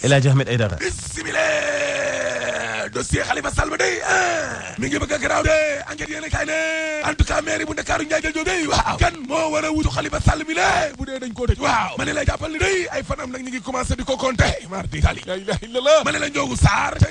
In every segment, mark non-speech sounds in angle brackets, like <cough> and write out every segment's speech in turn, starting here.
El Hadj Ahmed Aidara dossier Khalifa Sall ba day eh. mi ngi bëgg a garaaw de enquête yéen a kaay ne en tout cas maire bu Ndakaaru Ndiaye Diop day waaw kan moo war a bu dee dañ koo tëj waaw ma ne ay fanam nag ñu ngi commencé di ko compté mardi tali la ilaha illallah ma ne ca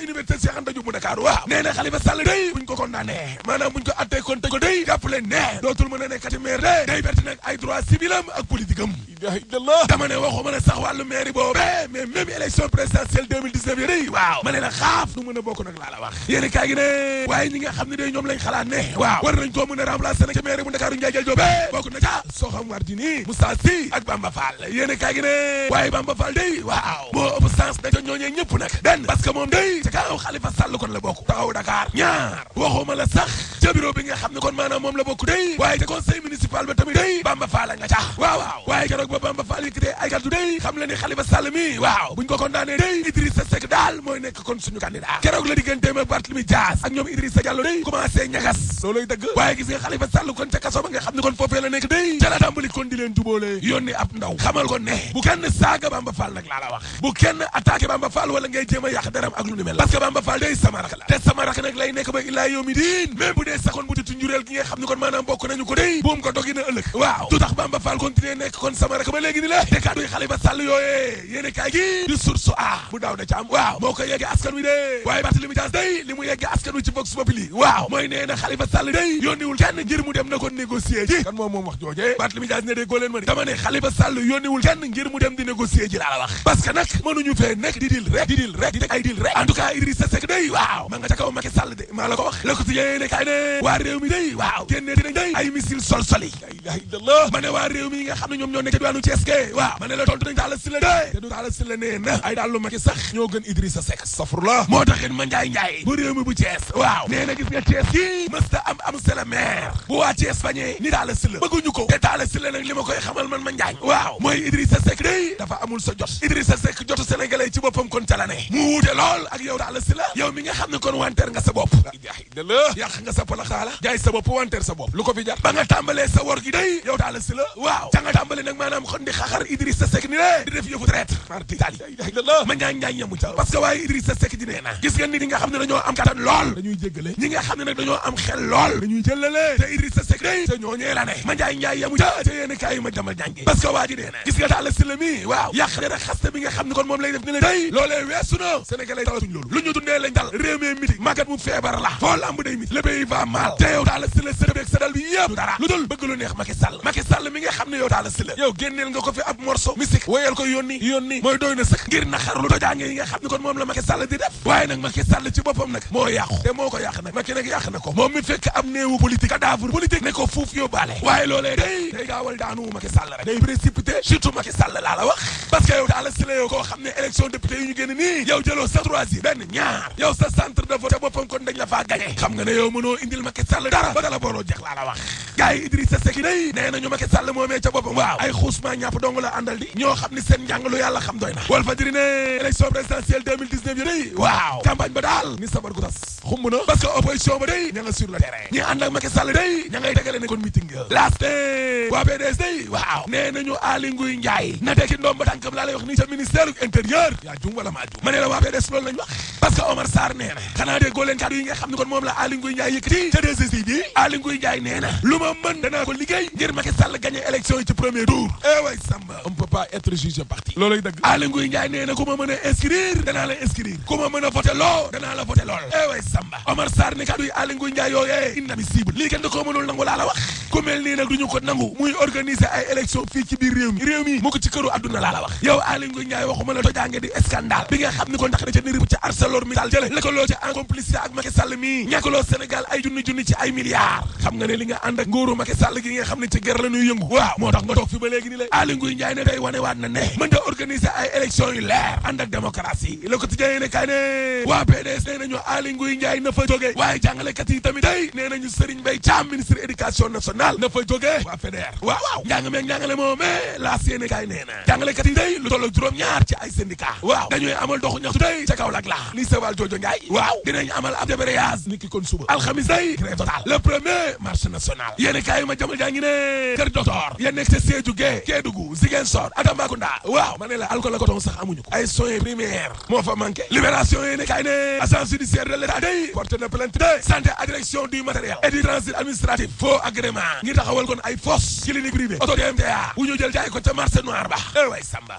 université Cheikh Anta bu Ndakaaru waaw nee na Khalifa Sall day buñ ko condamné maanaam buñ ko attee kon tëj ko day jàppale ne dootul mën a nekkati maire de day berti ay droit civil ak politique ilaha illallah dama ne waxuma ne sax wàllu mairie boobu eh, mais même élection présidentielle 2019 yi day waaw ma ne la xaaf du mën a bokk nag laa la wax yéen kaay gi ne waaye ñi xam ne day ñoom xalaat ne waaw war nañ koo mën a remplacer nag ca mairie bu Ndakaaru Ndiaye eh, Diop bokk na ca Soham Wardini Moussa ak Bamba Fall yéen kaay waaye Bamba Fall day waaw moo ëpp sens ca ñooñee ñëpp nag den parce que moom day ca kaaw Khalifa bokk taxaw Dakar ñaar waxuma la sax ca bureau bi nga xam ne kon maanaam moom la bokk day waaye ca conseil municipal ba tamit day Bamba Fall a nga cax waaw waaw waaye keroog ba Bamba Fall yëkkatee ay kaddu day xam la ni Khalifa Sall mi waaw buñ ko condamné day Idrissa Seck daal mooy nekk kon suñu candidat keroog la digganteem ak Barthélémy Dias ak ñoom Idrissa Diallo day commencé ñagas loolay dëgg xam ne kon foofee nekk day ca la tàmbali kon di leen jubóole yónni ab xamal ko a la te sama rak nag lay nekk ba illaa yawmi diin même bu dee saxoon bu titu njureel gi xam ne kon maanaam bokk nañu ko day buum ko dogi na ëllëg waaw du tax Bamba Fall continuer nekk kon sama rak ba léegi ni la te kàddu xale ba sàll yooyee yéen kaay gi di source a bu daaw da ci am waaw moo ko yeggee askan wi dee waaye Barthélémy Dias day li mu yeggee askan wi ci Vox Populi waaw mooy nee na Khalifa Sall day yónniwul kenn ngir mu dem di négocier laa ma nga ca kaw Macky Sall de maa la ko wax la ko si yéene kay ne waa réew mi day waaw génne dinañ day ay missile sol sol yi la ilaha illallah ma ne waa réew nga xam ne ñoom ñoo nekk diwaanu Thiès ke waaw ma ne la tontu nañ Talla Sylla de te du Talla Sylla na ay daal lu Macky sax ñoo gën Idrissa Seck safrullah moo taxin ma njaay njaay bu réew mi bu Thiès waaw nee na gis nga Thiès kii mësta am am c'est le maire bu waa Thiès fañee ni Talla Sylla bëgguñu ko te Talla li ma koy kon wanteer nga sa bopp yàq nga sa palaxaala jaay sa bopp wanteer sa bopp lu ko fi jar ba nga tàmbalee sa wor gi day yow taala si la waaw ca nga tàmbalee nag maanaam xon di xaxar Idrissa Seck ni le di def yëfu traître mardi tali ma ñaan ñaan yamu ca parce que waaye Idrissa Seck di nee na gis nga nit ñi nga xam ne dañoo am kattan lool dañuy jéggale ñi nga xam ne nag dañoo am xel lool dañuy jëllale te Idrissa Seck day te ñooñee la ne ma ñaan ñaan yamu ca te yéen kaay ma jamal jàngi parce que waa ji nee na gis nga taala si la mi waaw yàq rek xaste bi nga xam ne kon moom lay def ni la day loolee weesu na sénégalais talatuñ loolu lu ñu dundee lañ dal réew mi màggat mu febar la fo lamb day mit le pays va mal te yow taala sele sele bek sedal bi yeb dara ludul beug lu neex maki Sall maki Sall mi nga xamne yow taala sele yow gennel nga ko fi ab morso musique wéyal ko yoni yoni moy doyna sax ngir na xar lu do dojaange yi nga xamne kon mom la maki Sall di def waye nak maki Sall ci bopam nak mo yàqu te moko ko yàq nag Macky nag yàq na ko moom mi fek am néewu politique cadavre politique ne ko yo balé waye lolé day day gaawal daanu maki Sall rek day précipiter surtout maki Sall la la wax parce que yow taala sele yow ko xamne élection député yu ñu génn ni yow jëlo sa troisième ben ñaar yow sa centre de vote ca boppam kon dañ la faa gañe xam nga ne yow mënoo indil Macky Sall dara ba dala booloo jeex laa la wax gars yi Idrissa Seck day nee nañu Macky Sall moomee ca boppam waaw ay xuusma ñàpp dong la àndal di ñoo xam ni seen njàng lu yàlla xam doy na Walf Fadjri ne élection présidentielle 2019 yi day waaw campagne ba daal ni sabar gu xumb na parce que opposition ba day ña nga sur le terrain ñi ànd ak Macky ne kon meeting ga last waa PDS waaw nee nañu Aly Ngouille Ndiaye na tekki ndoom ba tànkam laa lay wax nii ca ministère intérieur yaa jum wala maa jum ma ne la waa PDS loolu lañ wax parce Omar Sarr nee na xanaa déggoo leen kàddu yi nga xam ne kon moom la Aly Ngouille Ndiaye yëkkati ca DCC bi Aly Ngouille Ndiaye nee na lu ma mën danaa ko liggéey ngir Macky Samba Omar Sarr ne kaddu yi Aly Ngouille Ndiaye yooyee inadmissible lii nangu laa wax ku mel nii nag du ko nangu muy organiser ay élection fii ci biir réew mi réew mi mu ko këru adduna laa wax yow Aly Ngouille waxuma la tojaange di scandale bi nga xam ni ko ndax da ca nirib ca ArcelorMittal jële lëkkaloo ca en complicité ak Macky Sall mii ñàkkaloo Sénégal ay junni junni ci ay milliards xam nga ne li nga ànd ak nguuru Macky Sall gi nga xam ne ci guerre Ndiaye na fa jógee waaye jàngalekat yi tamit tey nee nañu Serigne Mbaye Thiam ministre éducation nationale na fa waa FEDER waaw waaw njàng meeg laas yéene kaay nee na jàngalekat yi lu toll ak ñaar ci ay syndicat waaw dañuy amal doxu ñaxtu tey ca Kaolack laa lycée Wal Jojo Ndiaye waaw dinañ amal ab débrayage niki kon suba alxamis tey grève totale le premier marche nationale yéene kaay ma jamal jaa ngi ne kër docteur ya nekk ca Sédhiou Gué Kédougou Ziguinchor ak Tambacounda waaw ma ne la alcool ak coton sax amuñu ko day porte na plainte de santé à du matériel et du transit administratif faux agrément ngir taxawal kon ay fosse clinique privée auto MTA bu ñu jël jaay ko ca marché noir ba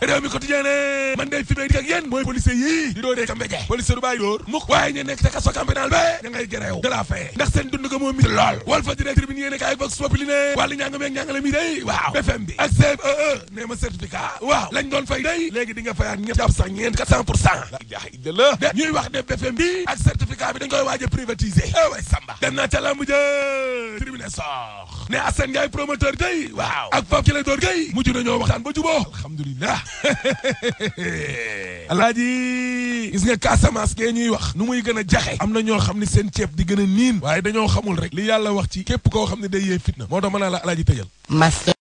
eh ay mi quotidien ne man day fi may dik ak yéen mooy policier yii di doodee ka mbéjee policier du bàyyi dóor waaye ñu nekk ca kaso camp pénal ba da ngay gëréew de ndax seen dund ga moo mit wal fa directeur bi yéene kaay vox populi ne wàllu ñanga meeg ñangale mi day waaw BFM bi bi ak dañ koy waaj a privatiser eh way samba dem naa ca lamb ja tribune sox ne Assane Ndiaye promoteur day waaw ak Pape Kile Dóor kay mujj nañoo waxtaan ba juboo alhamdulilah <laughs> alaaji gis nga Casamance gee ñuy wax nu muy gën a jaxe am na ñoo xam ne seen ceeb di gën a niin waaye dañoo xamul rek li yàlla wax ci képp koo xam ne day yee moo tax mën naa la alaaji tëjal